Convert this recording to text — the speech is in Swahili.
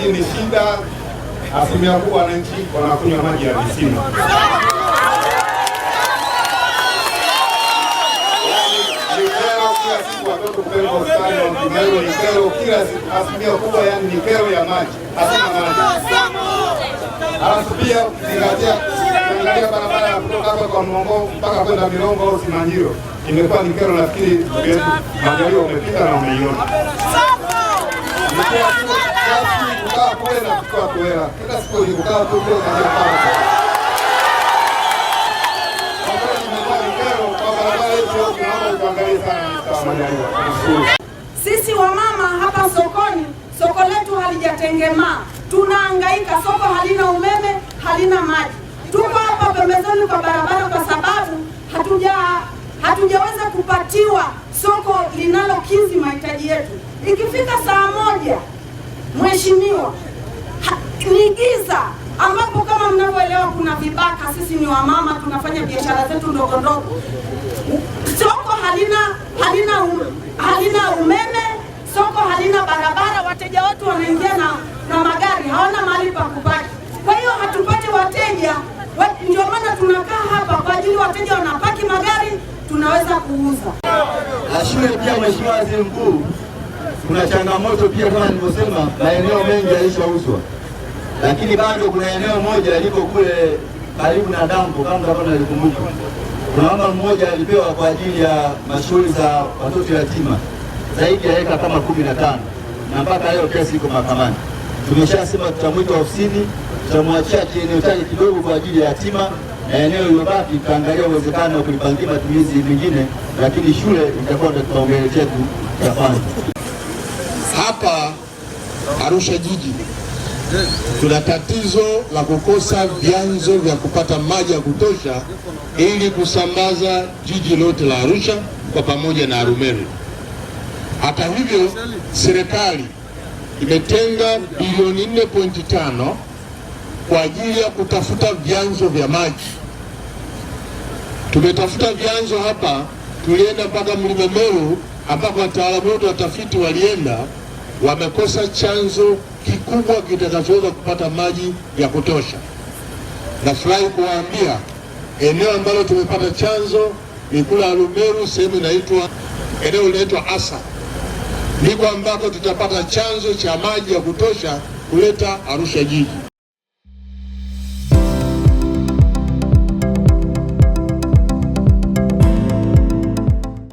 maji ni shida, asilimia kubwa wananchi wanakunywa maji ya visima. Yaani, watoto kupeleka hospitali kero kila siku, asilimia kubwa yani ni kero ya maji, hakuna maji. Halafu pia ukizingatia barabara ya kutoka hapa kwa Mlongo mpaka kwenda Milongo au Simanjiro imekuwa ni kero, nafikiri magari umepita na umeiona. Sisi wamama hapa sokoni, soko letu halijatengemaa, tunahangaika. Soko halina umeme, halina maji, tuko hapa pembezoni kwa barabara, kwa sababu hatuja hatujaweza kupatiwa soko linalokidhi mahitaji yetu. Ikifika saa moja, mheshimiwa, ni giza ambapo kama mnavyoelewa kuna vibaka. Sisi ni wamama, tunafanya biashara zetu ndogo ndogo. Soko halina halina um, halina umeme, soko halina barabara. Wateja wetu wanaingia na, na magari, hawana mahali pa kupaki, kwa hiyo hatupati wateja. Ndio maana tunakaa hapa kwa ajili wateja wanapaki magari, tunaweza kuuza shule pia Mheshimiwa Waziri Mkuu, kuna changamoto pia kama nilivyosema, maeneo mengi yalishauzwa, lakini bado kuna eneo moja liko kule karibu na dambo kama mtakuwa nalikumbuka, kuna mama mmoja alipewa kwa ajili ya mashughuli za watoto yatima zaidi ya eka kama kumi na tano na mpaka leo kesi iko mahakamani. Tumeshasema tutamwita ofisini, tutamwachia kieneo chake kidogo kwa ajili ya yatima eneo iliyobaki tutaangalia uwezekano wa kulipangia matumizi mengine, lakini shule itakuwa ndio kipaumbele chetu cha kwanza. Hapa Arusha jiji tuna tatizo la kukosa vyanzo vya kupata maji ya kutosha ili kusambaza jiji lote la Arusha kwa pamoja na Arumeru. Hata hivyo, serikali imetenga bilioni 4.5 kwa ajili ya kutafuta vyanzo vya maji Tumetafuta vyanzo hapa, tulienda mpaka mlima Meru ambapo wataalamu wetu watafiti walienda, wamekosa chanzo kikubwa kitakachoweza kupata maji ya kutosha. Nafurahi kuwaambia eneo ambalo tumepata chanzo ni kula Arumeru, sehemu inaitwa eneo linaitwa Asa, ndiko ambako tutapata chanzo cha maji ya kutosha kuleta Arusha jiji.